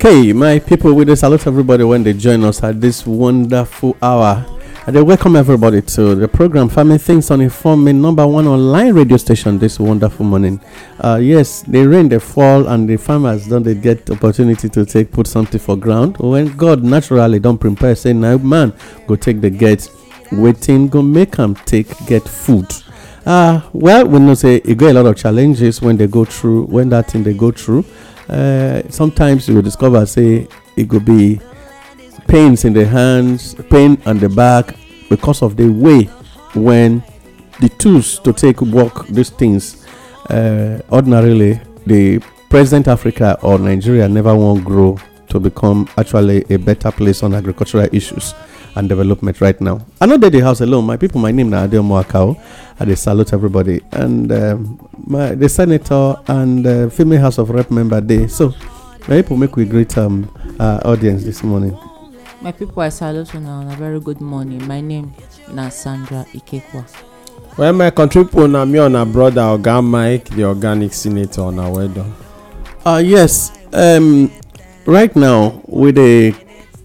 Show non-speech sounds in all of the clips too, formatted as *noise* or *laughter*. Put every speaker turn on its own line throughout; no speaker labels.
Okay, my people, with this, I love everybody when they join us at this wonderful hour. And they welcome everybody to the program Family Things on Informing, number one online radio station this wonderful morning. Uh, yes, they rain, they fall, and the farmers don't they get opportunity to take put something for ground when God naturally don't prepare, say, now man, go take the gate, waiting, go make them take get food. Uh, well, we know say it get a lot of challenges when they go through, when that thing they go through. Uh, sometimes you will discover say it could be pains in the hands pain on the back because of the way when the tools to take work these things uh, ordinarily the present africa or nigeria never won't grow to become actually a better place on agricultural issues and development right now. I'm not at the house alone. My people, my name is Adeomo Akao. I salute everybody. And um, my, the senator and uh, female House of Rep member day. So, my people, make we greet um, uh, audience this morning.
My people, I salute you now. A very good morning. My name is Sandra Ikekwa.
Well, my country people, na me on a brother Oga Mike, the organic senator on our wedding. Uh, yes,
um, right now with a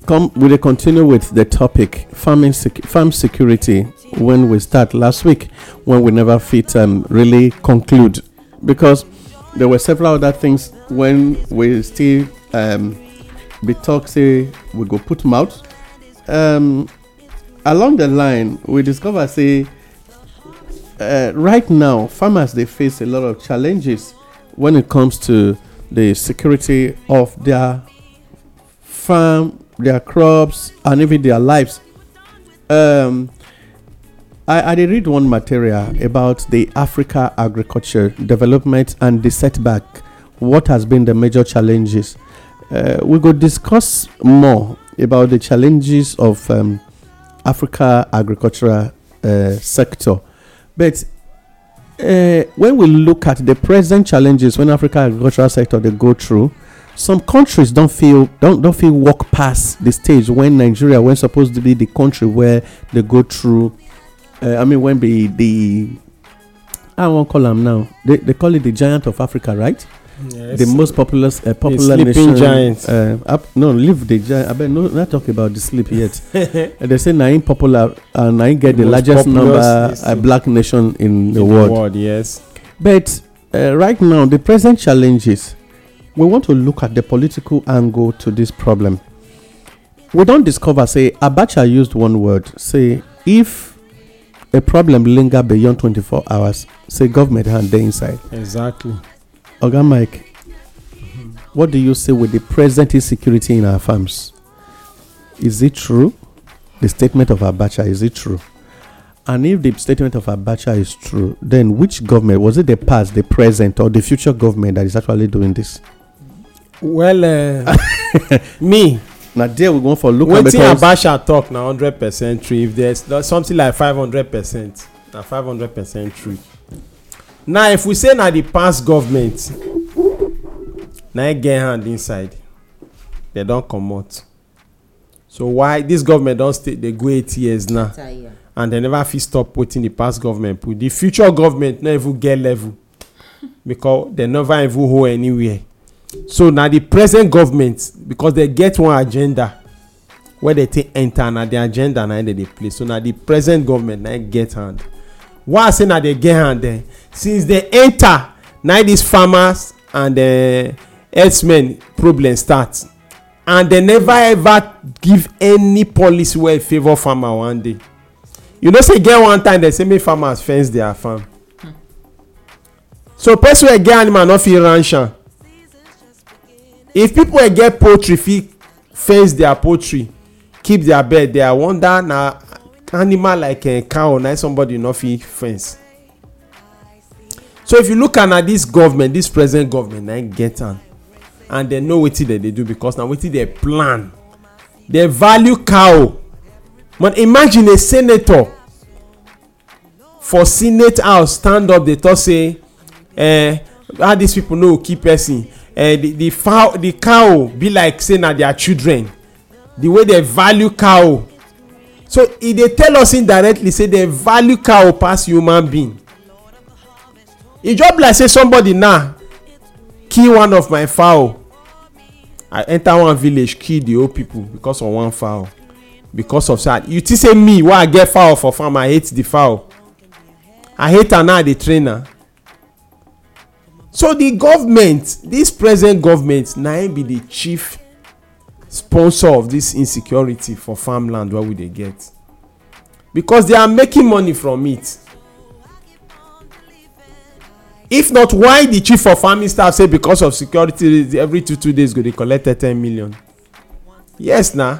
come we continue with the topic farming sec- farm security when we start last week when we never fit um, really conclude because there were several other things when we still um, be toxic we go put them um, along the line we discover say uh, right now farmers they face a lot of challenges when it comes to the security of their farm their crops, and even their lives. Um, I, I did read one material about the Africa agriculture development and the setback. What has been the major challenges? Uh, we could discuss more about the challenges of um, Africa agricultural uh, sector. But uh, when we look at the present challenges when Africa agricultural sector they go through, some countries don't feel don't don't feel walk past the stage when Nigeria, when supposed to be the country where they go through. Uh, I mean, when be the I won't call them now. They, they call it the giant of Africa, right? Yes. The most populous uh, popular the sleeping nation. giant. Uh, no, leave the giant. I bet no, not talk about the sleep yet. uh, *laughs* they say nine popular and uh, I get the, the largest number uh, black nation in, in the, the world. Yes, but uh, right now the present challenges we want to look at the political angle to this problem. We don't discover, say, Abacha used one word, say, if a problem linger beyond 24 hours, say, government hand the inside. Exactly. Oga okay, Mike, mm-hmm. what do you say with the present insecurity in our farms? Is it true? The statement of Abacha, is it true? And if the statement of Abacha is true, then which government was it the past, the present, or the future government that is actually doing this? well uh, *laughs* me na there we go for
look at because wetin abasha talk na hundred percent true if there's something like five hundred percent na five hundred percent true now if we say na the past government na e get hand inside dem don comot so why this government don stay dey go eight years now and they never fit stop wetin the past government put the future government no even get level *laughs* because they never even hold anywhere so na the present government because they get one agenda wey dem take enter na di agenda na im dem dey play so na the present government na get hand why i say na dem get hand dem since dem enter na these farmers and uh, herdsmen problem start and dem never ever give any policy wey e favour farmer one day you know say e get one time dem say make farmers fence their farm hmm. so person wey get animal no fit ranch am if people wey get poultry fit fence their poultry keep their bird there i wonder na animal like um, cow na somebody no fit fence so if you look at na this government this present government na get am and dem know wetin dem dey do because na wetin dem plan dem value cow but imagine a senator for senate house stand up dey talk say eh, how these people no go kill person Eh, the the fowl the cow be like say na their children the way they value cow so e dey tell us indirectly say they value cow pass human being e just like say somebody now kill one of my fowl i enter one village kill the old people because of one fowl because of that you think say me wey i get fowl for farm i hate the fowl i hate am now i dey train am so the government this present government na him be the chief sponsor of this insecurity for farmland wey we dey get because they are making money from it if not why the chief of farming staff say because of security every two two days go dey collect ten million yes na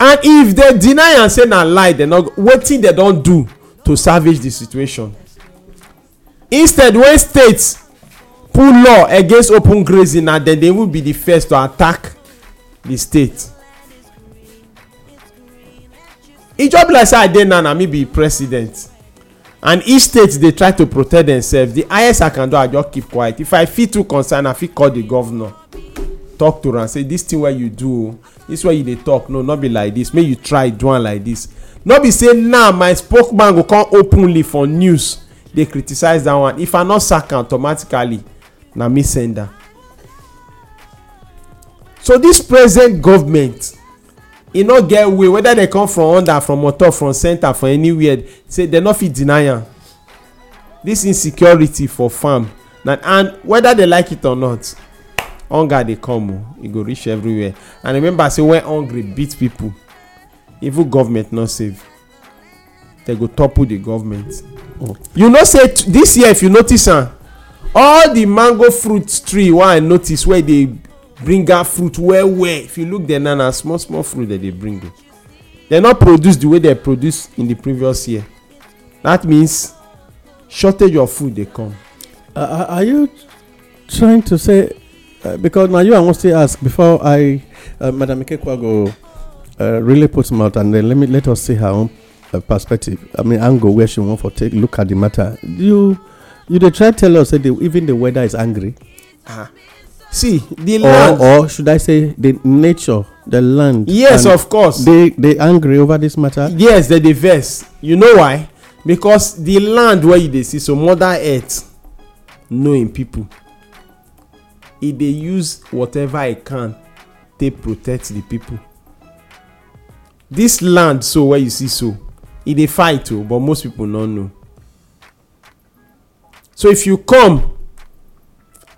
and if they deny am say na lie dem no wetin they don do to salvage the situation instead when states pull law against open grazing na dem dey even be the first to attack the state e just be like say i dey now na me be president and each state dey try to protect themselves the highest i can do i just keep quiet if i feel too concerned i fit call the governor talk to am say this thing wey you do this way you dey talk no no be like this make you try do am like this no be say now my spokesman go come openly for news dey criticise dat one if i no sack am automatically na me send am so dis present government e no get way whether dem come from under from on top from centre from anywhere say dem no fit deny am dis insecurity for farm na and whether dem like it or not hunger dey come o oh. e go reach everywhere and remember say when hungry beat people even government no save They go topple the government mm. you know say dis year if you notice am ah, all the mango fruit tree wey i notice wey dey bring out fruit well well if you look dem now na small small fruit dem dey bring o dem no produce the way dem produce in the previous year that means shortage of food dey come. Uh, uh, are you
trying to say uh, because na you i wan still ask before i uh, madam ikekwa go uh, really put mouth and then let me let us see her own Uh, perspective i mean angle where she want for take look at the matter you you dey try tell us say the, even the weather is angry. Uh-huh.
see the or, land or
should i say the nature the land. yes of course. they they angry over this matter.
yes they dey vex you know why because the land wey you dey see so mother earth know im people e dey use whatever e can take protect the people this land so wey you see so e dey fight o but most people no know so if you come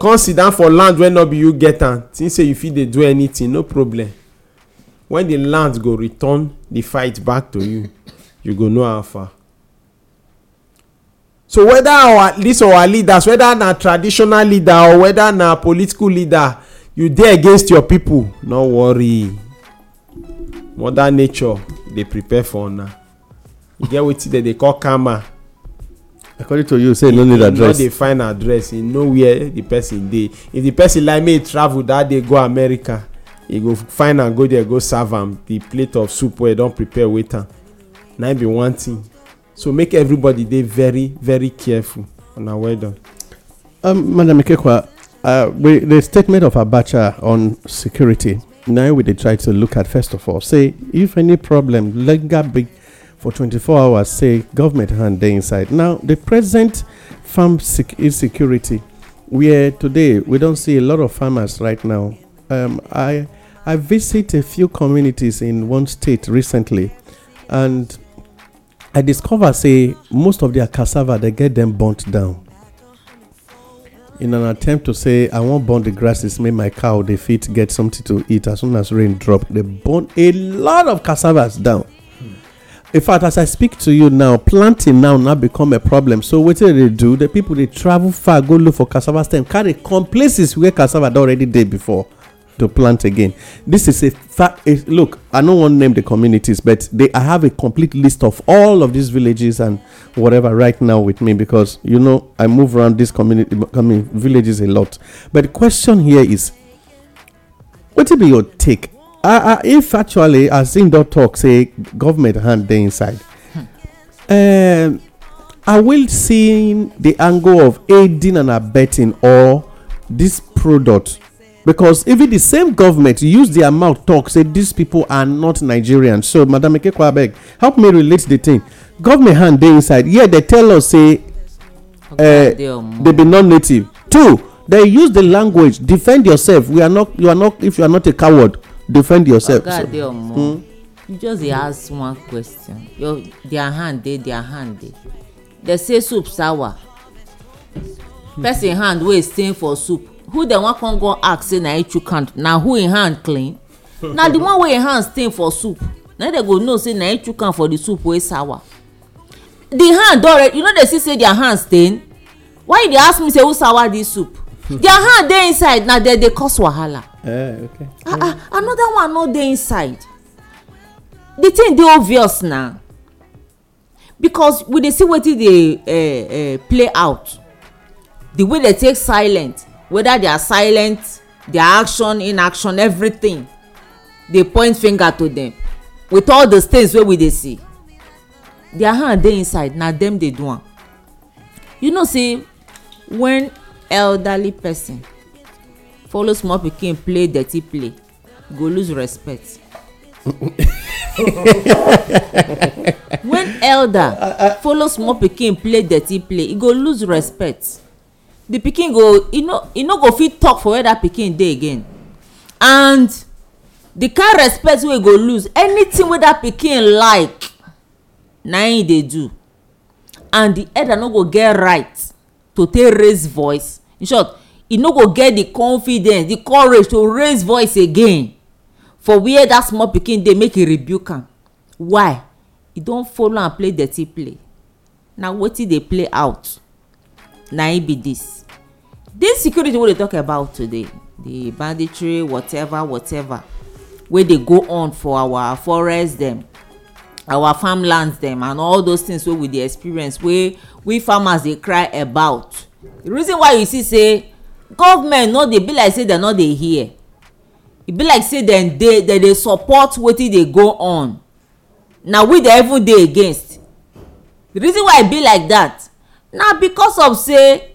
come sit down for land wey no be you get am think say you fit dey do anything no problem when the land go return the fight back to you you go know how far so whether our this our leaders whether na traditional leader or whether na political leader you dey against your people no worry mother nature dey prepare for una e get wetin dem dey call karma according to
you say no need address You no dey
find address You know where the person dey if the person like make e travel that day go america he go find am go there go serve am the plate of soup wey e don prepare wait am na be one thing so make everybody dey very very careful una well done.
Um, madam ikekwa uh, the statement of abacha on security now we dey try to look at first of all say if any problem legal big for 24 hours, say government hand they inside. Now, the present farm sec- insecurity, where today we don't see a lot of farmers right now. Um, I I visit a few communities in one state recently, and I discover say most of their cassava they get them burnt down. In an attempt to say I won't burn the grasses, make my cow the feet get something to eat as soon as rain drop, they burn a lot of cassavas down. in fact as i speak to you now planting now now become a problem so wetin they do the people they travel far go look for cassava stem carry come places where cassava don already dey before to plant again this is a fact look i no wan name the communities but they i have a complete list of all of these villages and whatever right now with me because you know i move around these community i mean villages a lot but the question here is what be your take Ah, ah, if actually as in don talk, say government hand dey inside hmm. um, are we seeing the angle of aiding and abetting or this product because even the same government use their mouth talk say these people are not nigerians so madam ekekwa abeg help me relate the thing government hand dey inside yeah they tell us say uh, they be non-native two they use the language defend yourself we are not you are not if you are not a coward defend yourself. oga so, dey hmm?
you just dey ask one question your their hand dey their hand dey dey say soup sour hmm. person hand wey stain for soup who dem wan come go ask say na he chook hand na who him hand clean na the one wey him hand stain for soup na dem go know say na he chook hand for the soup wey sour the hand already you know dey see say their hand stain why you dey ask me say who sour this soup *laughs* their hand dey inside na dem dey cause wahala
Eh, okay.
Ah, ah, another one no dey inside. The thing dey obvious na because we dey see wetin dey uh, uh, play out the way they take silent whether they are silent their action inaction everything dey point finger to them with all the stains wey we dey see their hand dey inside na them dey do am you know say when elderly person follow small pikin play dirty play go lose respect. *laughs* when elder I, follow small pikin play dirty play e go lose respect the pikin go e no e no go fit talk for where that pikin dey again and the kind respect wey e go lose anything wey that pikin like na im e dey do and the elder no go get right to take raise voice in short e no go get the confidence the courage to raise voice again for where that small pikin dey make e rebuke am why e don follow am play dirty play na wetin dey play out na im be this this security wey we dey talk about today the banditry whatever whatever wey dey go on for our forest dem our farmlands dem and all those things wey we dey experience wey we farmers dey cry about the reason why you see say government no dey be like say dem no dey hear e be like say dem dey dem dey support wetin dey go on na we dey even dey against the reason why e be like that na because of say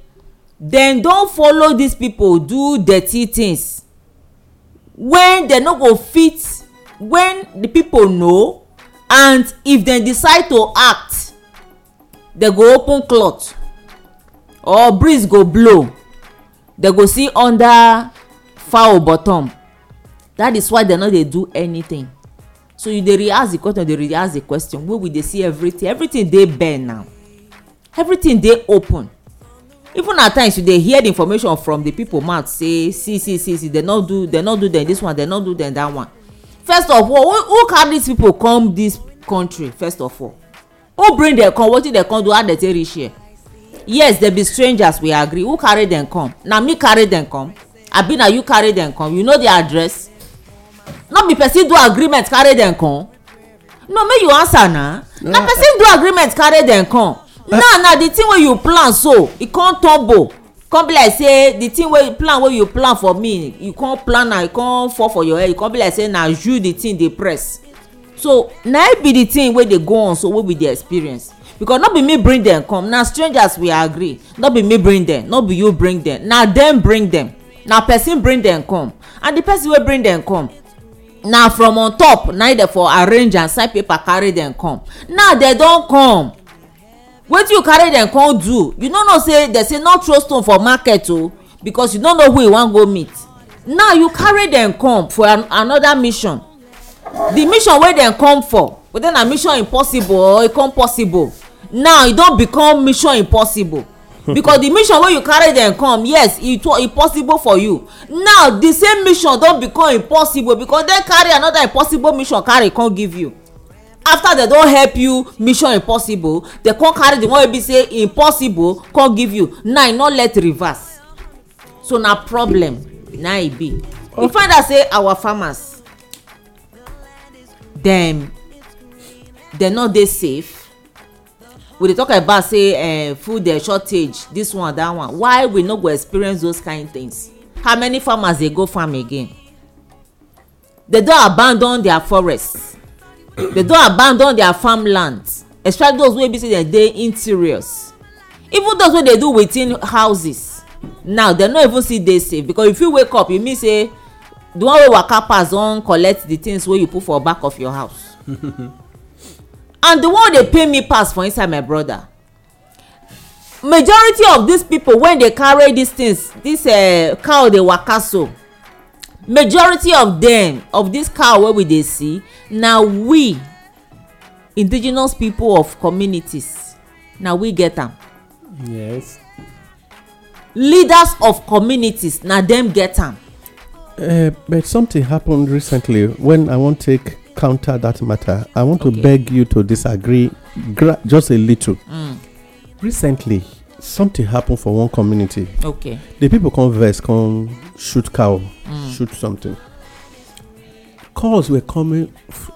dem don follow these people do dirty things wey dem no go fit when the people know and if dem decide to act dem go open cloth or breeze go blow dem go see under fowl bottom that is why dem no dey do anything so you dey re-ask the question dey re-ask the question wey we dey see everything everything dey bare now everything dey open even at times you dey hear the information from the people mouth say see see see see dem no do dem no do dem this one dem no do dem that one first of all who, who carry these people come this country first of all who bring dem come wetin dem come do how dem take reach here yes dem be strangers we agree who carry dem come na me carry dem come abi na you carry dem come you know their address no be person do agreement carry dem come no make you answer na na person do agreement carry dem come now na the thing wey you plan so e come tumble come be like say the thing wey plan wey you plan for me you come plan am e come fall for your head you come be like say na you the thing dey press so na e be the thing wey dey go on so wey be the experience because no be me bring dem come na strangers we agree no be me bring dem no be you bring dem na dem bring dem na person bring dem come and the person wey bring dem come na from on top na dem for arrange and sign paper carry dem come now dem don come wetin you carry dem come do you no know say dem say no throw stone for market o because you no know who you wan go meet now you carry dem come for an another mission the mission wey dem come for whether na mission impossible or e come possible now e don become mission impossible *laughs* because the mission wey you carry dem come yes e possible for you now the same mission don become impossible because dem carry another impossible mission carry come give you after dem don help you mission impossible dem come carry the one wey be say impossible come give you now e no let reverse so na problem na e be we find out say our farmers dem dem no dey safe we dey talk about say uh, food uh, shortage this one that one why we no go experience those kind things how many farmers dey go farm again they don abandon their forest *coughs* they don abandon their farmland especially those wey be say dem dey interiors even those wey dey do within houses now dem no even see dey safe because if you wake up you mean say the one wey waka pass don collect the things wey you put for back of your house *laughs* and the one dey pay me pass for inside my brother majority of these people when dey carry these things this uh, cow dey waka so majority of them of this cow wey we dey see na we indigenous people of communities na we get am. yes. leaders of communities na them get am.
Uh, but something happened recently when i wan take counter that matter. I want okay. to beg you to disagree gra- just a little. Mm. Recently, something happened for one community. Okay. The people converse, come shoot cow, mm. shoot something. Calls were coming f-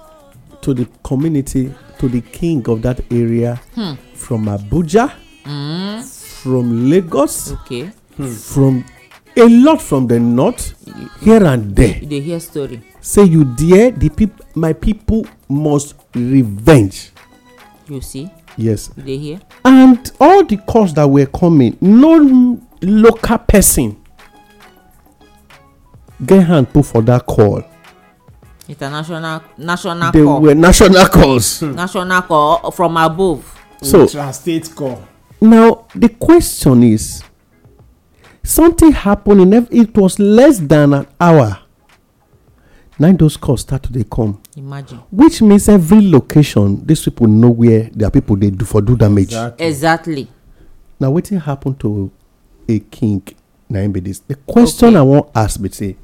to the community, to the king of that area hmm. from Abuja, mm. from Lagos, okay. Hmm. from a lot from the north here and there you dey hear story say you dear, the people my people must revenge
you see yes you dey hear
and all the calls that were coming no local person get hand put for that call
international national they call they were national calls *laughs* national call from above so state call
now the question is something happened in it was less than an hour now those calls start to dey come imagine which means every location these people know where their people dey do for do damage
exactly
now wetin happen to a king na him be this the question i wan ask be say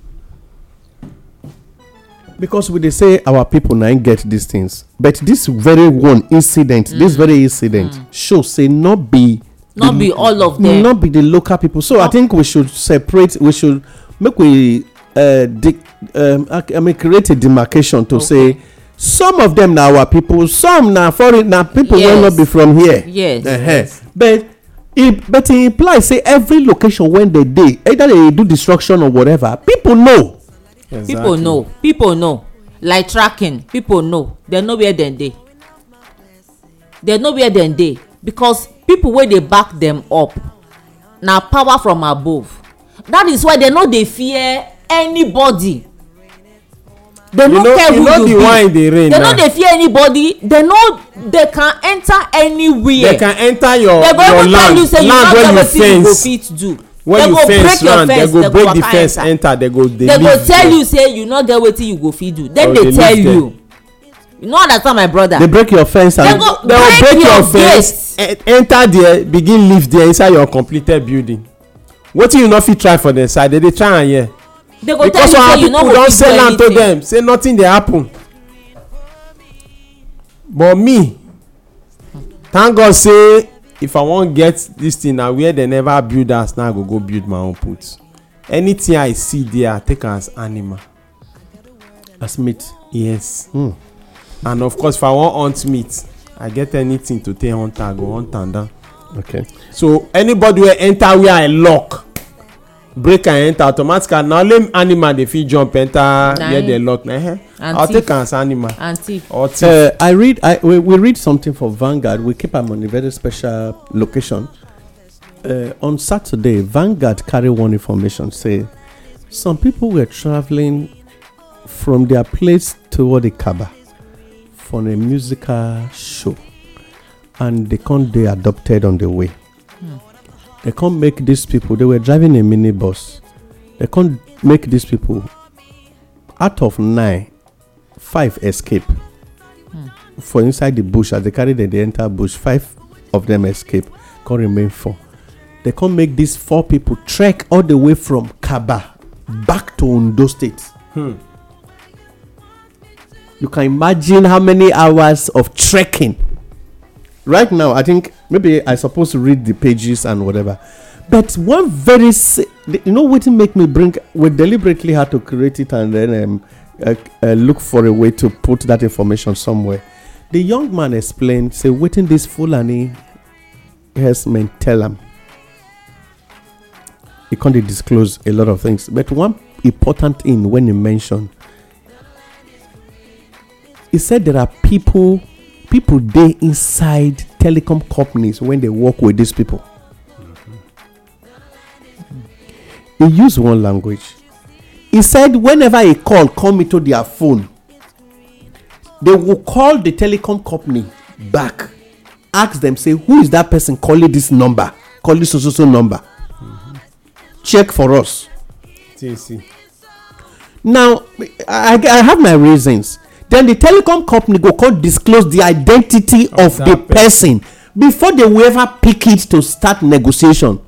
because we dey say our people na get these things but this very one incident this mm. very incident mm. show say not be not be
all of them not
be the local people so i think we should separate we should make we uh, um, i mean create a demarcation to say some of them na our people some na foreign na people wey not be from here
yes yes
but e, but e imply say every location wey dey dey either dey do destruction or whatever people know
exactly people know people know like tracking people know dem know where dem dey dem know where dem dey because people wey dey back dem up na power from above that is why dem no dey fear anybody dem no care who you be dem no dey fear anybody dem no dey can enter anywhere dem can enter your your land land wey you fence when you fence land dem go break the fence enter dem
go dey leave dem go tell you
say you no get wetin you go fit do dem dey oh, tell you you no understand my brother. they break your fence and they go break, break your, your
fence e, enter there begin live there inside your completed building wetin you no fit try for their side they dey try am here.
because tell you say you no go fit do anything don sell am to them
say nothing dey happen but me thank god say if i wan get this thing na where they never build house now i go go build my own put anything i see there i take as animal as meat yes. Mm and of course if i wan hunt meat i get anything to take hunt am i go hunt am down okay so anybody wey enter where i lock break and enter automatically na only animal dey fit jump enter where dem lock na eh I take am as animal and thief or uh, thief uh,
i read i we, we read something for vanguard we keep am on a very special location uh, on saturday vanguard carry one information say some people were travelling from their place toward the kaaba from a musical show and they can't. they adopted on the way hmm. they can't make these people they were driving a minibus they can't make these people out of nine five escape hmm. for inside the bush as they carry them the entire bush five of them escape Can't remain four they can't make these four people trek all the way from kaba back to Undo state. Hmm. you can imagine how many hours of trekking. Right now, I think maybe I supposed to read the pages and whatever. But one very, you know, what make me bring. We deliberately had to create it and then um, uh, uh, look for a way to put that information somewhere. The young man explained, say, waiting this Fulani has meant tell him. He can't disclose a lot of things, but one important thing when he mentioned he said there are people people dey inside telecom companies when they work with these people he use one language he said whenever a call come into their phone they will call the telecom company back ask them say who is that person calling this number calling so so so number mm-hmm. check for us see, see. now I, I have my reasons then the telecom company go come disclose the identity of the person before they will ever pick it to start negotiation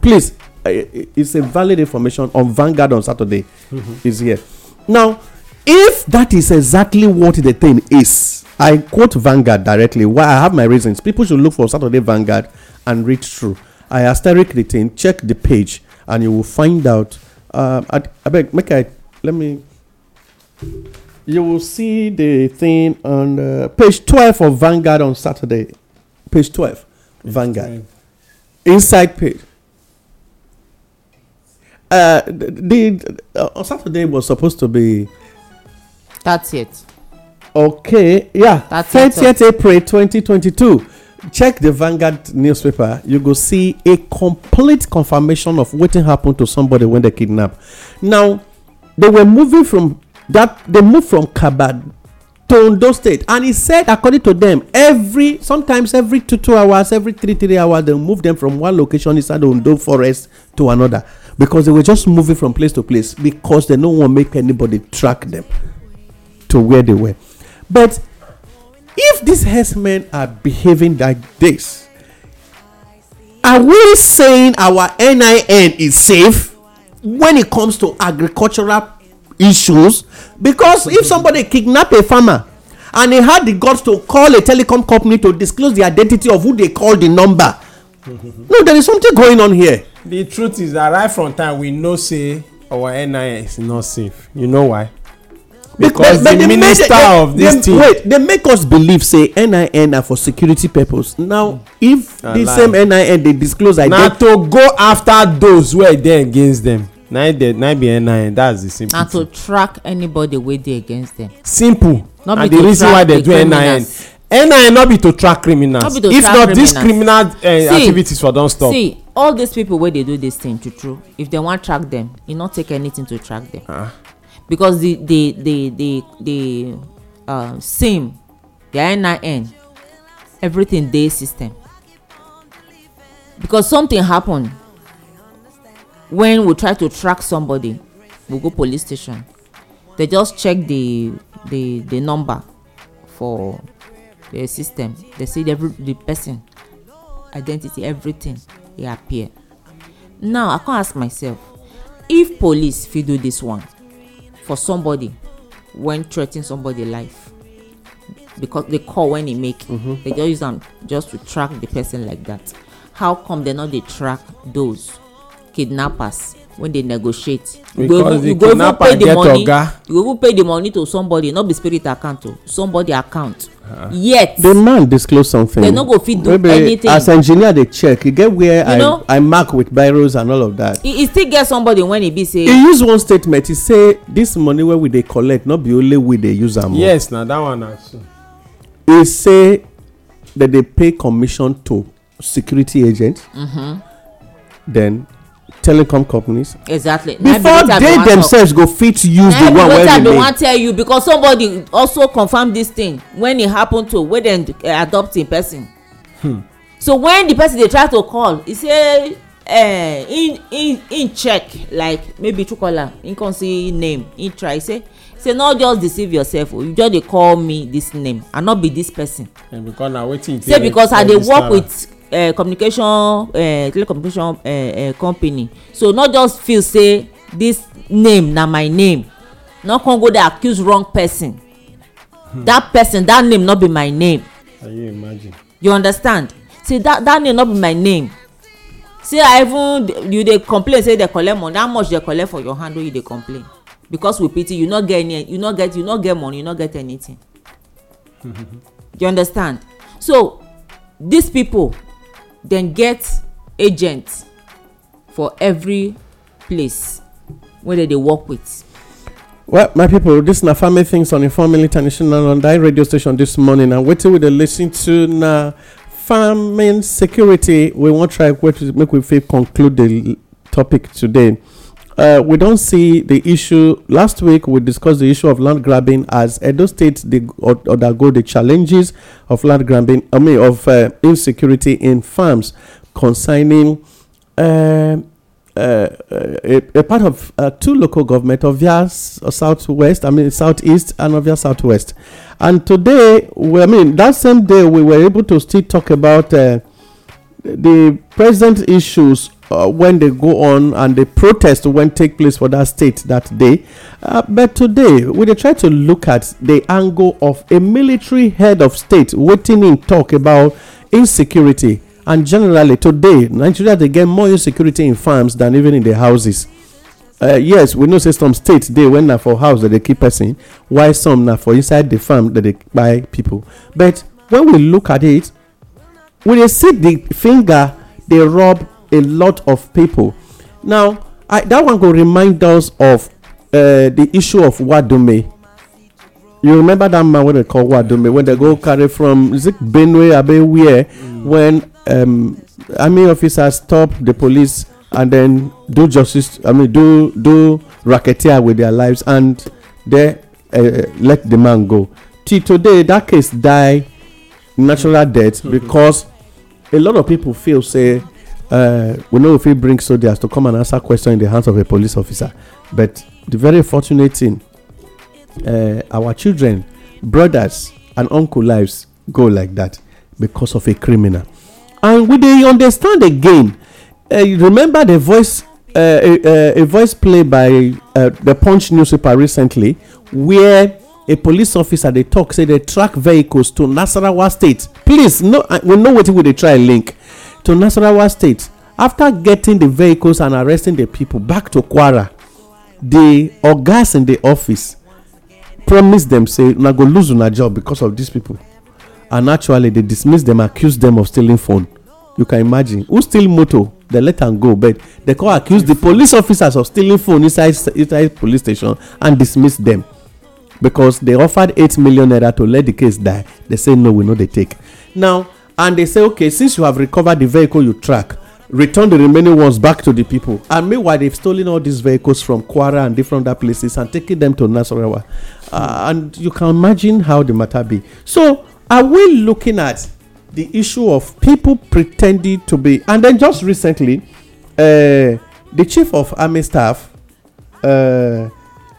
please eh, eh, it's a valid information on Vanguard on Saturday mm-hmm. is here now if that is exactly what the thing is i quote Vanguard directly why i have my reasons people should look for Saturday Vanguard and read through i asterisk the thing check the page and you will find out uh, I beg, make i let me you will see the thing on uh, page 12 of Vanguard on Saturday. Page 12, page Vanguard. 12. Inside page. Uh, the, uh, on Saturday was supposed to be. That's it. Okay, yeah. That's 30th April 2022. Check the Vanguard newspaper. You go see a complete confirmation of what happened to somebody when they kidnapped. Now, they were moving from that they moved from kabad to ondo state and he said according to them every sometimes every two two hours every three three hours they move them from one location inside ondo forest to another because they were just moving from place to place because they don't want to make anybody track them to where they were but if these herdsmen are behaving like this are we saying our nin is safe when it comes to agricultural issues because if somebody kidnap a farmer and he had the guts to call a telecom company to disclose the identity of who they called the number *laughs* no there is something going on here.
the truth is that right from time we know say our nia is not safe you know why. because but, but the minister made, they, of this they,
wait they make us believe say nin are for security purpose now if the same
nin they disclose identity. na to go after those wey dey against them nine de nine be nine that's the simple. na
to track anybody wey dey against them.
simple
no and the reason why they do nin
nin no be to track criminals no be to if track not these criminal uh, see, activities for don stop. see
all these people wey dey do this thing true true if dem wan track them e no take anything to track them. Uh. because the the the the the uh, sim the nin everything dey system because something happen when we try to track somebody we go police station they just check the the the number for the system they see the, the person identity everything e appear now i come ask myself if police fit do this one for somebody when threa ten somebody life because the call when e make mm -hmm. they just use am just to track the person like that how come they no dey track those kidnappers when they negotiate. because you go, the kidnapper get money, oga. you go even pay the money to somebody not be spirit account o oh. somebody account. Uh,
yet. the man disclose something. they no go fit do maybe anything. as engineer dey check e get where i i mark with biros and all of that.
e e still get somebody when e be say. He use
one statement He say this money wey we dey collect no be only we dey use am. Oh.
yes na that one na so.
e say dem dey pay commission to security agents. Mm -hmm. then telecom companies
exactly before they themselves go
fit use the one wey remain na i wan
tell you because somebody also confirm this thing when e happen to wey dem adopt im person hmm. so when the person dey try to call e say uh, in in in check like maybe chukola in come see name in try say say no just deceive yourself o oh, you just dey call me this name and not be this person. Eh, because say because i eh, dey work with uh, communication uh, telecommunication uh, uh, company so no just feel say this name na my name no come go dey accuse wrong person hmm. that person that name no be my name can you imagine you understand see that that name no be my name see i even you dey complain say dey collect money how much dey collect for your hand wey you dey complain because we pity you no get any you no get you no get money you no get anything *laughs* you understand so these people dem get agent for every place wey dem dey work with.
well my pipo dis na family things on informal international on dat radio station dis morning and wetin we dey lis ten to na farming security we wan try make we fit conclude di topic today uh, we don't see the issue. Last week, we discussed the issue of land grabbing as Edo State undergo the challenges of land grabbing, I mean, of uh, insecurity in farms concerning uh, uh a, a, part of uh, two local government of Via uh, Southwest, I mean, Southeast and of Via Southwest. And today, we, I mean, that same day, we were able to still talk about the present issues uh, when they go on and the protest when take place for that state that day. Uh, but today, we they try to look at the angle of a military head of state waiting in talk about insecurity. And generally, today, Nigeria they get more insecurity in farms than even in the houses. Uh, yes, we know say some states they went for house that they keep person, Why some now for inside the farm that they buy people. But when we look at it, when they see the finger, they rub a lot of people. Now, I, that one will remind us of uh, the issue of Wadume. You remember that man when they call Wadume when they go carry from is Benue Abe where mm. when um, army officers stop the police and then do justice. I mean do do racketeer with their lives and they uh, let the man go. Till today, that case die natural death mm-hmm. because a lot of people feel say Uh, we know if we bring soldiers to come and answer question in the hands of a police officer but the very fortunate thing uh, our children brothers and uncle lives go like that because of a criminal and we they understand again uh, you remember the voice uh, a, a, voice play by uh, the punch newspaper recently where a police officer they talk say they track vehicles to nasarawa state please no uh, we know wetin we dey try link to Nasarawa state. After getting the vehicles and arresting the people back to Kwara, the organs in the office promised them, say, na go lose una job because of these people. And actually, they dismissed them, accused them of stealing phone. You can imagine who steal moto, they let am go, but they call accuse the police officers of stealing phone inside inside police station and dismiss them. because they offered eight million naira to let the case die they say no we know they take now and they say okay since you have recovered the vehicle you track return the remaining ones back to the people and meanwhile they've stolen all these vehicles from kwara and different other places and taking them to nasarawa uh, and you can imagine how the matter be so are we looking at the issue of people pretending to be and then just recently uh, the chief of army staff uh,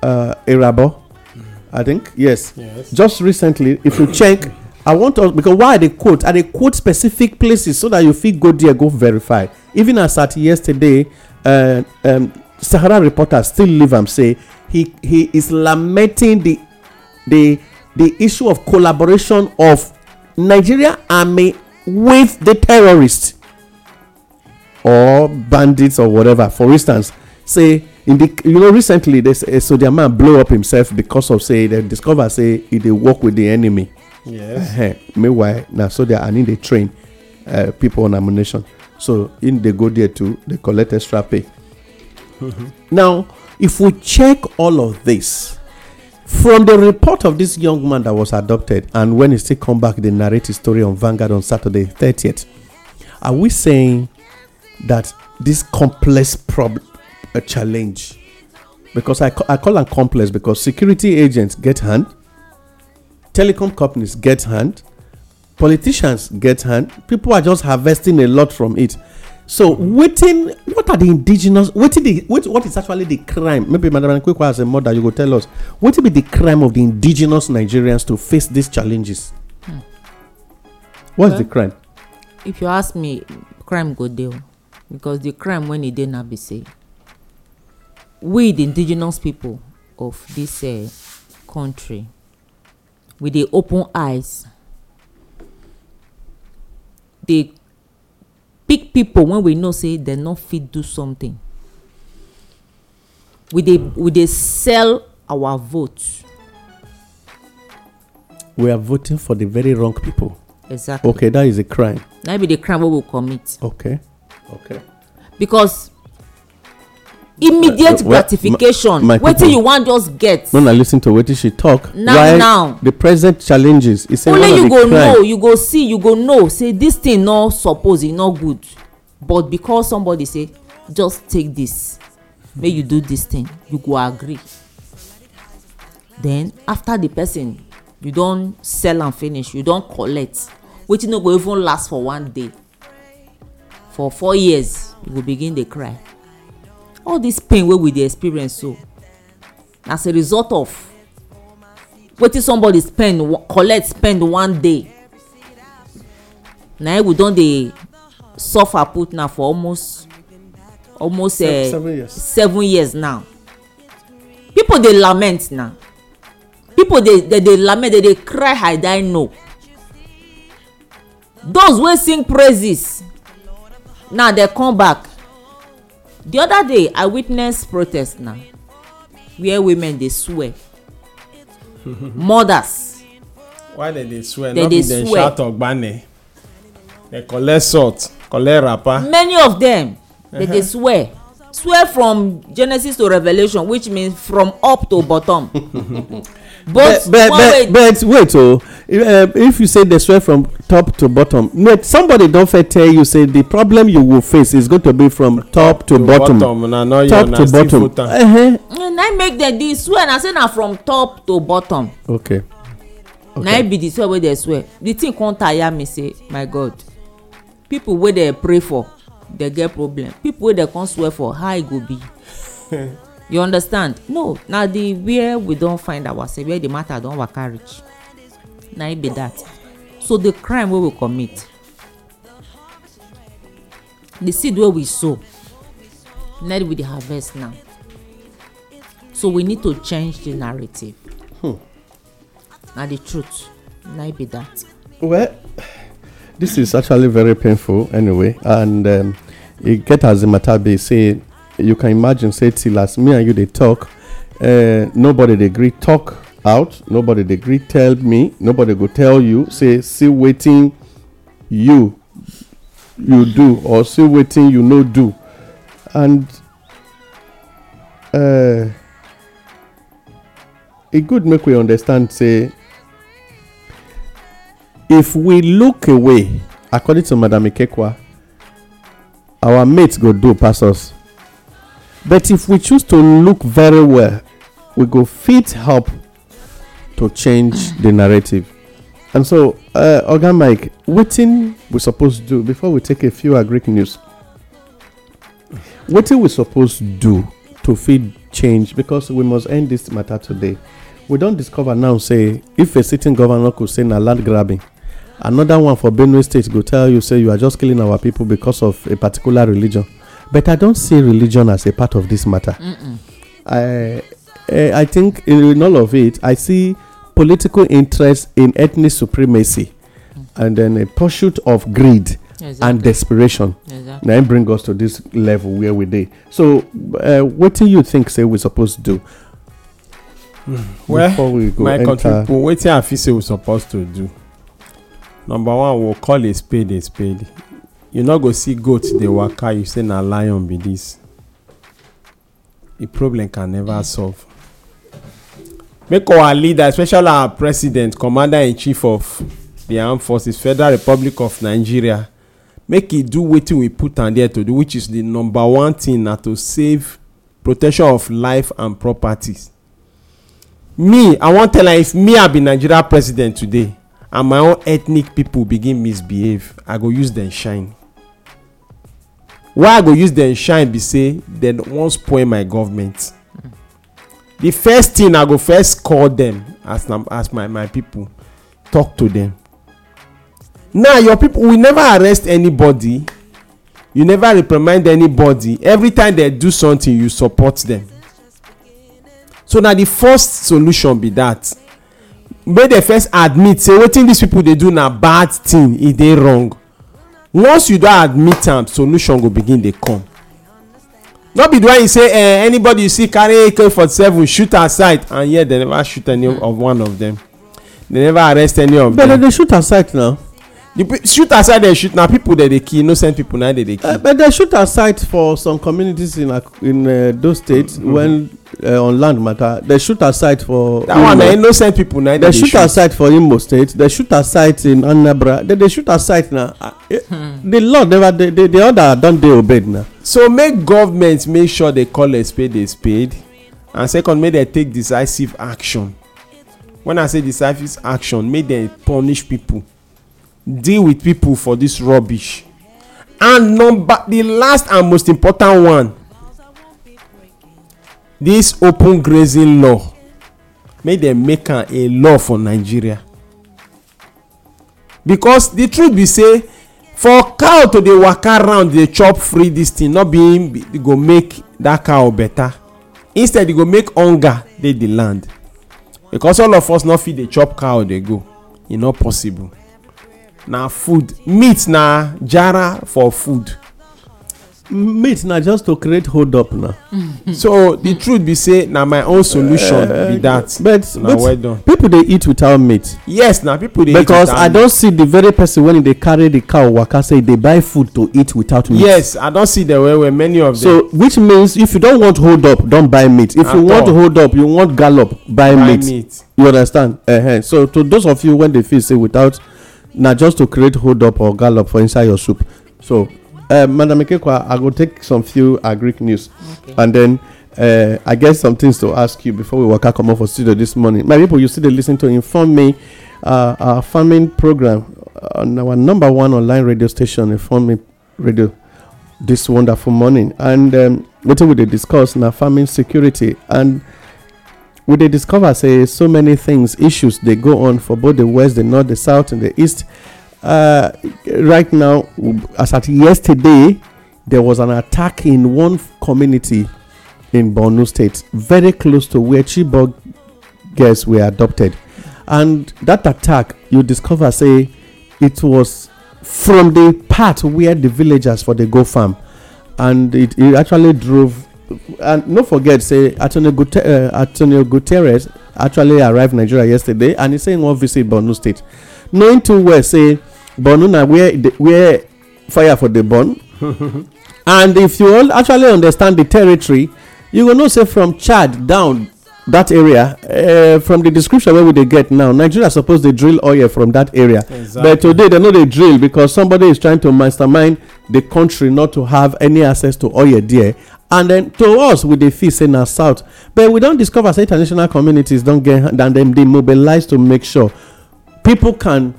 uh, Irabo, mm. I think yes. yes. Just recently, if you check i want us because why they quote i they quote specific places so that you feel go there go verify even as at yesterday uh, um, sahara reporter still live and say he he is lamenting the the the issue of collaboration of nigeria army with the terrorists or bandits or whatever for instance say in the you know recently this uh, soldier man blow up himself because of say they discover say he they work with the enemy
Yes. Uh,
*laughs* meanwhile, now so they are in to train uh, people on ammunition. So in they go there too, they collect extra pay. Mm-hmm. Now, if we check all of this from the report of this young man that was adopted, and when he still come back, they narrate his story on Vanguard on Saturday 30th. Are we saying that this complex problem, a uh, challenge? Because I, ca- I call them complex because security agents get hand, telecom companies get hand politicians get hand people are just harvesting a lot from it so mm-hmm. wetin what are the indigenous wetin the wait what is actually the crime maybe madam nkwekwa as a mother you go tell us wetin be the crime of the indigenous nigerians to face these
challenges hmm.
what's well, the crime. if you ask me crime go dey because the crime when e dey na be say we the indigenous people of this uh, country we dey open eyes dey pick people when we know say dem no fit do something we dey we dey sell our vote.
we are voting for the very wrong people. exactly okay that is a crime.
na be the crime wey we commit. okay okay. because immediate gratification wetin you wan just get
no na listen to wetin she talk now now the present challenges is say one of the crime only you go know
you go see you go know say this thing no suppose e no good but because somebody say just take this make you do this thing you go agree then after the person you don sell am finish you don collect wetin no go even last for one day for four years you go begin dey cry all this pain wey we dey experience so as a result of wetin somebody spend collect spend one day na we don dey suffer put now for almost almost seven, uh, seven, years. seven years now people dey lament now people dey dey dey lament dey dey cry i die no those wey sing praises now dey come back the other day i witness protest na where women dey swear *laughs* mothers why dem dey swear no be dem shout
ogbane dem collect salt collect wrapper
many of dem dem dey uh-huh. swear swear from genesis to revelation which means from up to bottom *laughs* but,
but, but, but wait o oh, if, uh, if you say they swear from top to bottom wait somebody don fit tell you say the problem you go face is going to be from top to, bottom, top to bottom
uh-huh.
Mm, make dem dey swear na say na from top to bottom. okay. okay. na be the swear wey dey swear the thing come tire me say my god people wey dey pray for dey get problem people wey dey come swear for how e go be *laughs* you understand no na the where we don find ourselves where the matter don waka reach na it e be that so the crime wey we commit the seed wey we sow na it be the harvest now so we need to change the narrative hmm. na the truth na it e be that. well
this is actually very painful anyway. And um, it get as the matter be say, you can imagine say till as me and you they talk, uh, nobody they agree talk out, nobody they agree tell me, nobody go tell you say see waiting you you do or see waiting you no do, and uh, eh, it e good make we understand say if we look away according to madam ikekwa our mates go do pass us but if we choose to look very well we go fit help to change the narrative and so uh, oga mike wetin we suppose do before we take a few Agri news wetin we suppose do to feed change because we must end this matter today we don't discover now say if a sitting governor could say na land grabbing another one for benue state go tell you say you are just killing our people because of a particular religion but i don see religion as a part of this matter i eh, i think in all of it i see political interest in ethnic supremacy mm. and then a pursuit of greed and desperation na im bring us to this level where we dey so eh, wetin you think say we suppose do
hmm. well my country pipo wetin i feel say we suppose to do number one we'll call a spade a spade you no go see goat dey waka you say na lion be this the problem can never solve make our leader especially our president commander-in-chief of the armed forces federal republic of nigeria make e do wetin we put am there to do which is the number one thing na to save protection of life and properties me i wan tell am if me i be nigeria president today and my own ethnic people begin misbehave i go use dem shine why i go use dem shine be say dem wan spoil my government the first thing i go first call dem as na as my my people talk to dem now your people we never arrest anybody you never reprimand anybody every time they do something you support them so na the first solution be that make dem first admit say wetin dis people dey do na bad thing e dey wrong once you don admit am solution go begin dey come no be the one you say uh, anybody you see carry ak-47 shoot aside and yet dem never shoot any of one of dem dem never arrest any of dem. but dem dey shoot aside now the shoot aside They shoot now. people dem dey kill innocent people now they dey
kill. Uh, but they shoot aside for some communities in in uh, those states mm-hmm. when uh, on land matter They shoot aside for. that one na innocent people now they dey shoot. dem shoot aside for imo state They shoot aside in anambra They they shoot aside now. Eh, hmm. the law never dey the order don dey obey now.
so make governments make sure they call a spade a spade and second make they take decisive action when i say decisive action make they punish people deal with people for this rubbish and number the last and most important one this open grazing law make dem make am a law for nigeria because the truth be say for cow to dey waka round dey chop free this thing no be him go make that cow better instead e go make hunger dey the land because all of us no fit dey chop cow dey go e no possible na food meat na jara for food meat na just to create hold up na so the truth be say na my own solution be eh, that but but
people dey eat without meat yes na people dey eat without meat because i don see the very person wey dey carry the cow waka say dey buy food to eat without meat yes
i don see them well well many of them so
which means if you don want hold up don buy meat if you want hold up you want gallop buy meat you understand -huh. so to those of you wey dey feel say without na just to create hold up or gallop for inside your soup so uh, madam ikekwa i will take some few agric uh, news and then uh, I get some things to ask you before we walk out come off for studio this morning. My people, you still listen to Inform Me, uh, our farming program on our number one online radio station, Inform Me Radio, this wonderful morning. And um, what we discuss now farming security. And we they discover say so many things issues they go on for both the west the north the south and the east uh, right now as at yesterday there was an attack in one community in borno state very close to where chibok girls were adopted and that attack you discover say it was from the part where the villagers for the go farm and it, it actually drove and no forget say uh, antonio guterres actually arrived nigeria yesterday and he's saying he wan visit borno state knowing too well say borno na where where fire for dey burn *laughs* and if you all actually understand the territory you go know say from chad down that area eh, from the description wey we dey get now nigeria suppose dey drill oil from that area but today dem no dey drill because somebody is trying to mastermind the country not to have any access to oil there and then to us we dey feel say na south but we don discover say international communities don get and dem dey mobilize to make sure people can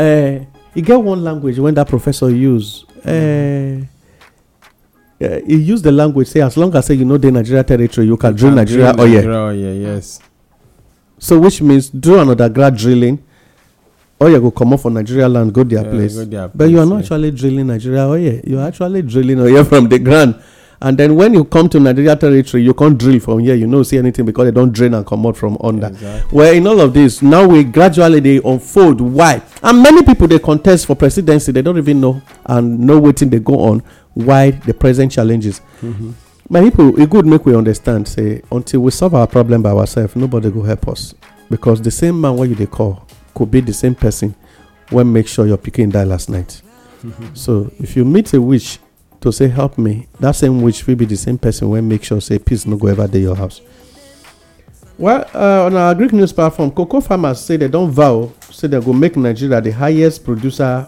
uh, get one language when that professor use uh, uh, he use the language say as long as say you no dey nigeria territory you can drill nigeria oil
nigeria yes
so which means do another grad drilling oil go comot for nigeria land go their place but you are not actually drilling nigeria oil you are actually drilling oil *laughs* from the ground And then when you come to Nigeria territory, you can't drill from here. You don't see anything because they don't drain and come out from under. Exactly. Well, in all of this, now we gradually they unfold why. And many people they contest for presidency, they don't even know and know waiting they go on why the present challenges. Mm-hmm. My people, it would make we understand. Say until we solve our problem by ourselves, nobody will help us because the same man what you they call could be the same person. When make sure your picking die last night. Mm-hmm. So if you meet a witch to say help me that same witch fit be the same person wey make sure say peace no go ever dey your house well uh, on our greek news platform cocoa farmers say dem don vow say dem go make nigeria the highest producer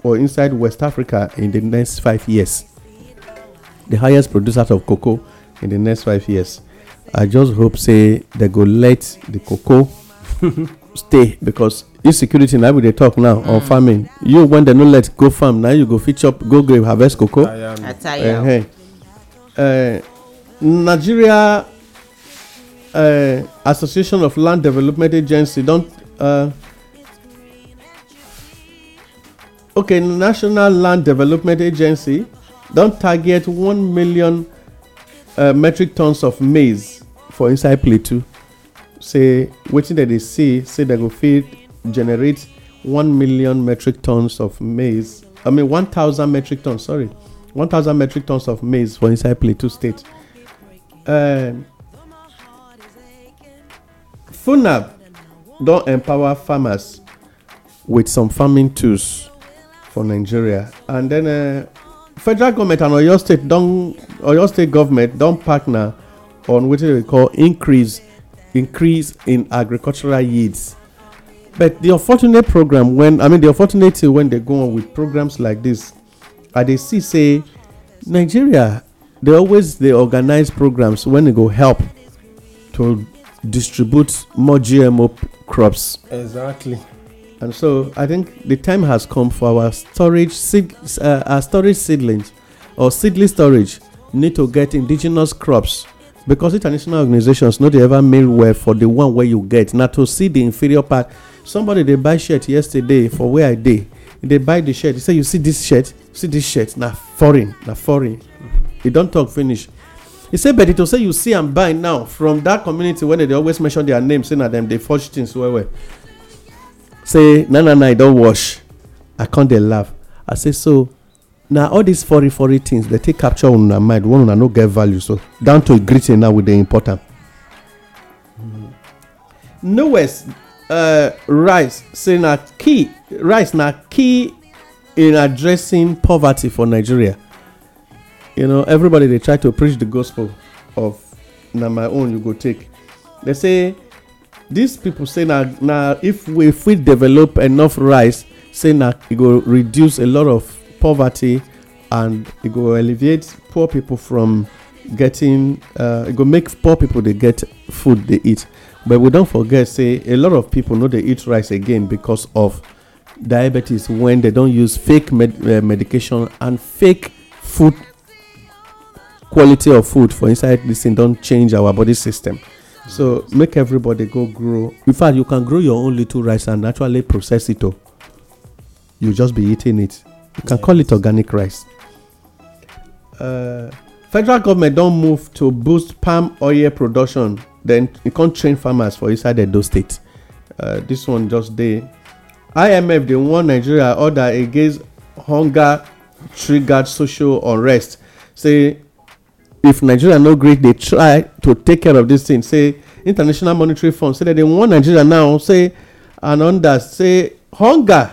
for inside west africa in the next five years The highest producer of cocoa in the next five years i just hope say dem go let the cocoa *laughs* stay because insecurity na we dey talk now on mm. farming you when dem no let go farm na you go fit chop go grave harvest cocoa eh, nigeria eh, association of land development agency don eh, okay national land development agency don target one million metric tons of maize for inside plateau say wetin dem dey see say dem go fit generate one million metric tons of maize i mean one thousand metric tons sorry one thousand metric tons of maize for inside plateau state um, funab don empower farmers with some farming tools for nigeria and then uh, federal government and oyo state don oyo state government don partner on wetin we call increase increase in agricultural yields. But the unfortunate program when I mean the unfortunate when they go on with programs like this, I they see say Nigeria they always they organize programs when they go help to distribute more GMO crops.
Exactly.
And so I think the time has come for our storage seed, uh, our storage seedlings or seedling storage need to get indigenous crops because international organizations no dey ever mail well for the one wey you get na to see the inferior part somebody dey buy shirt yesterday for where i dey e dey buy the shirt e say you see this shirt see this shirt na foreign na foreign e don talk finish He say but to say you see am buy now from that community wey dem dey always mention their name say na dem dey forge things well well say na na na e don wash i con dey laugh i say so na all these foreign foreign things dey take capture una mind one una no get value so down to greeting now we dey important mm-hmm. nowest uh, rice say na key rice na key in addressing poverty for nigeria you know everybody dey try to preach the gospel of na my own you go take dey say these people say na if we fit develop enough rice say na e go reduce a lot of poverty and it go alleviate poor people from getting uh, it go make poor people they get food they eat but we don't forget say a lot of people know they eat rice again because of diabetes when they don't use fake med uh, medication and fake food quality of food for inside this thing don't change our body system so make everybody go grow in fact you can grow your own little rice and naturally process it all. you just be eating it You can call it organic rice. Uh, federal government don move to boost palm oil production then e come train farmers for inside edo state uh, this one just dey imf dey warn nigeria order against hunger triggered social unrest say if nigeria no gree dey try to take care of this thing say international monetary fund say dem dey warn nigeria now say and under say hunger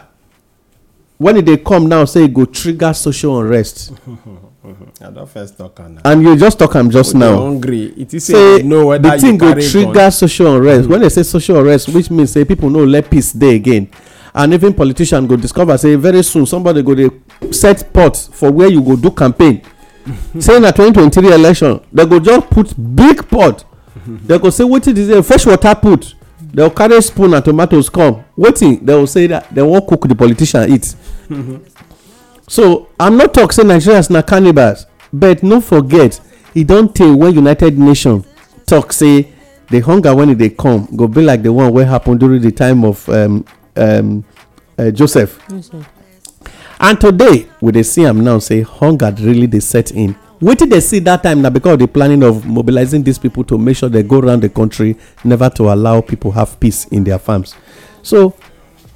when e dey come now say e go trigger social unrest
*laughs* i don first talk am now
and you just talk am just now
Hungry? It is say the thing go trigger
social unrest when they say social unrest which means say people no let peace dey again and even politician go discover say very soon somebody go dey set pot for where you go do campaign *laughs* say na 2023 election they go just put big pot They go say wetin dis fresh water put dem carry spoon and tomatoes come they will say that they won't cook the politician eat mm-hmm. so i'm not talk say nigerians na cannibals but no forget e don tey when united nations talk say the hunger when e dey come go be like the one wey happen during the time of um, um, uh, joseph and today we dey see am now say hunger really dey set in till they see that time now because of the planning of mobilizing these people to make sure they go around the country never to allow people have peace in their farms so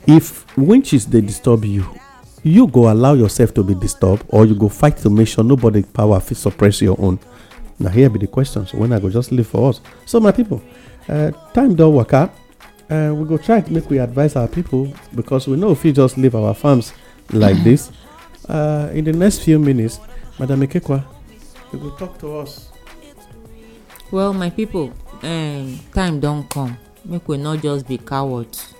if winches they disturb you you go allow yourself to be disturbed or you go fight to make sure nobody power fit suppress your own Now here be the question so wen i go just leave for us so my people, uh, time don't don waka uh, we go try to make we advise our people because we know if you just leave our farms like this, uh, in the next few minutes madam ikekwa
you go talk to us. well my people, um, time don come make we no just be cowards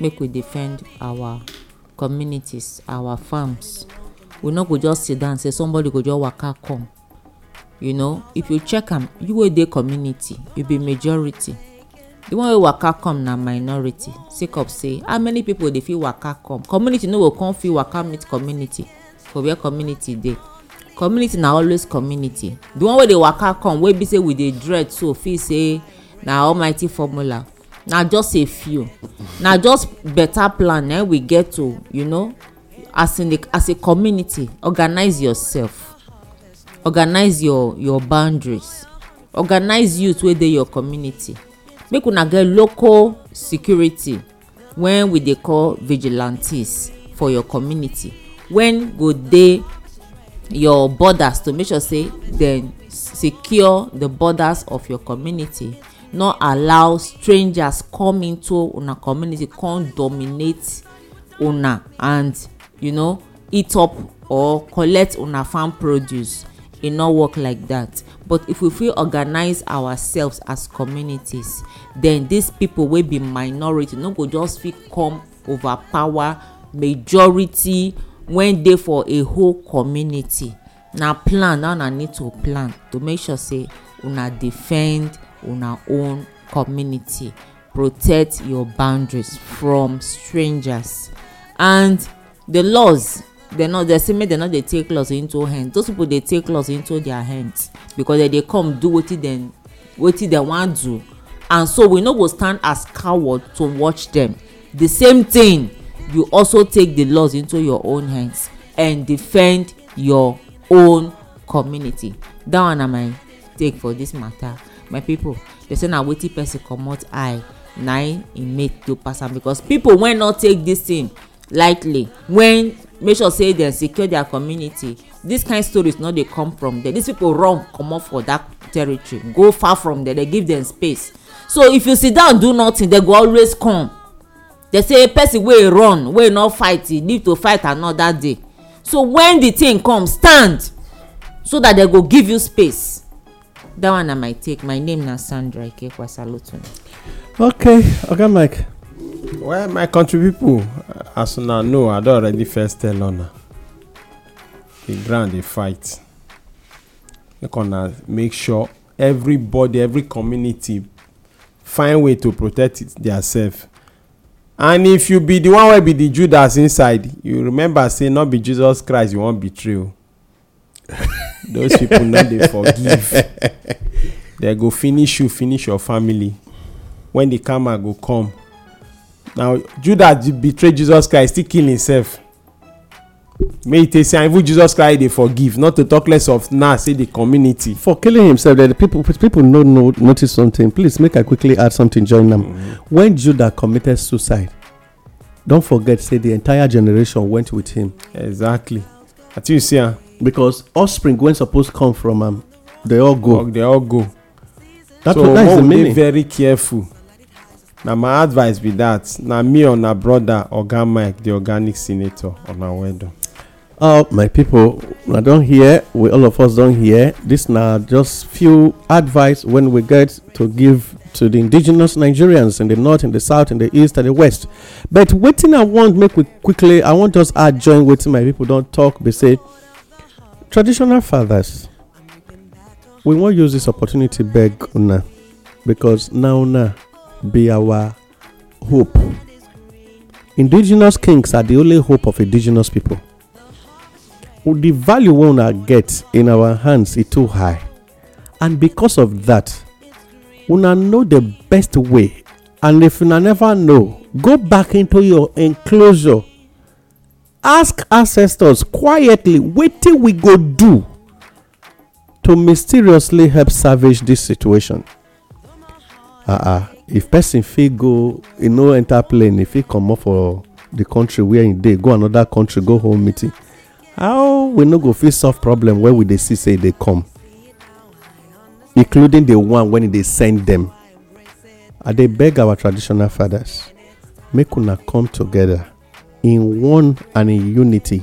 make we defend our communities our farms we no go just sit down say somebody go just waka come you know if you check am you wey dey community you be majority the one wey waka come na minority sake of say how many people dey fit waka come community no go come fit waka meet community for where community dey community na always community the one wey dey waka come wey be say we dey dread so fit say na almighty formula na just a few na just better plan eh, we get to you know as in as a community organize yourself organize your your boundaries organize youth wey dey your community make una get local security when we dey call vigilantes for your community when go dey your borders to make sure say dem secure the borders of your community no allow strangers come into una community come dominate una and you know eat up or collect una farm produce e no work like that but if we fit organize ourselves as communities then these people wey be minority no go just fit come overpower majority wen dey for a whole community na plan na una need to plan to make sure say una defend una own community protect your boundaries from strangers and the laws dem no dey say make dem no dey take laws into hand those people dey take laws into their hands because dem dey come do wetin dem wetin dem wan do and so we no go stand as cowards to watch dem the same thing you also take the laws into your own hands and defend your own community that one na my take for this matter my people dey say na wetin person comot eye na im e make to pass am because people wey no take this thing lightly when make sure say dem secure their community this kind stories no dey come from there these people run comot for that territory go far from there dey give dem space so if you sit down do nothing dem go always come dey say person wey run wey no fight e need to fight another day so when the thing come stand so that they go give you space that one na my take my name na sandra ikekwasalotun.
okay oga okay, mike. well my country people, as una know i don already first tell una the ground dey fight make una make sure everybody every community find way to protect theirself and if you be the one wey be the judas inside you remember say not be jesus christ you wan betray o *laughs* those people no dey forgive They go finish you finish your family when the karma go come now judas betray jesus christ still kill himself may e take say even jesus christ dey forgive not to talk less of now say the community. for killing
himself then people people no know notice something please make i quickly add something join am mm. Mm-hmm. when judah committed suicide don forget say the entire generation went with him. exactly i tell you see am. Ah. because offspring wey suppose come from am um, dey all go. they all go.
that so that is one oh, dey very careful na my advice be that na me or na brother oga mike the organic senator una well done.
Oh my people i don't hear we all of us don't hear this now just few advice when we get to give to the indigenous nigerians in the north in the south in the east and the west but waiting i want make we quickly i want us add join waiting my people don't talk they say traditional fathers we won't use this opportunity beg una because now una be our hope indigenous kings are the only hope of indigenous people the value we una get in our hands is too high and because of that una know the best way and if una never know go back into your enclosure ask ancestors quietly Wait till we go do to mysteriously help salvage this situation ah, ah if person fit go e no enter plane e If he come up for the country wia e dey go another country go home meeting how we no go fit solve problem wey we dey see say e dey come including the one when e dey send them. i dey beg our traditional fathers make una come together in one and in unity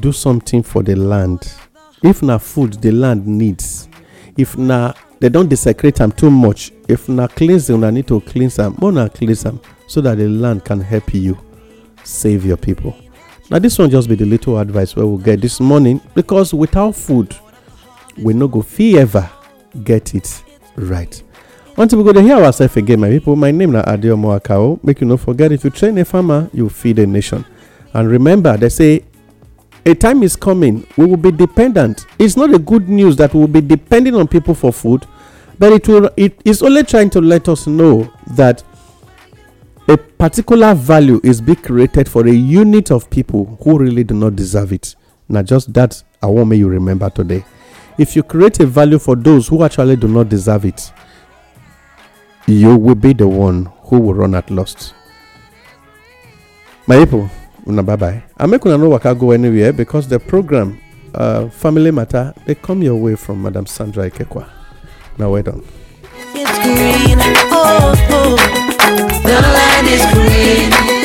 do something for the land if na food the land needs if na they don desecrate am too much if na cleanse una need to cleanse am more na cleanse am so that the land can help you save your people Now, this one just be the little advice where we'll get this morning because without food, we no go fee ever get it right. Until we go to hear ourselves again, my people, my name is Adio Moakao. Make you not forget if you train a farmer, you feed a nation. And remember, they say a time is coming, we will be dependent. It's not a good news that we will be depending on people for food, but it will it is only trying to let us know that a particular value is being created for a unit of people who really do not deserve it. Now, just that I want me you remember today. If you create a value for those who actually do not deserve it, you will be the one who will run at lost. My people, una bye bye. I make una no waka go anywhere because the program, uh, Family Matter, they come your way from Madam Sandra Ikekwa. Now, wait on is green. Oh, oh.
the land is green.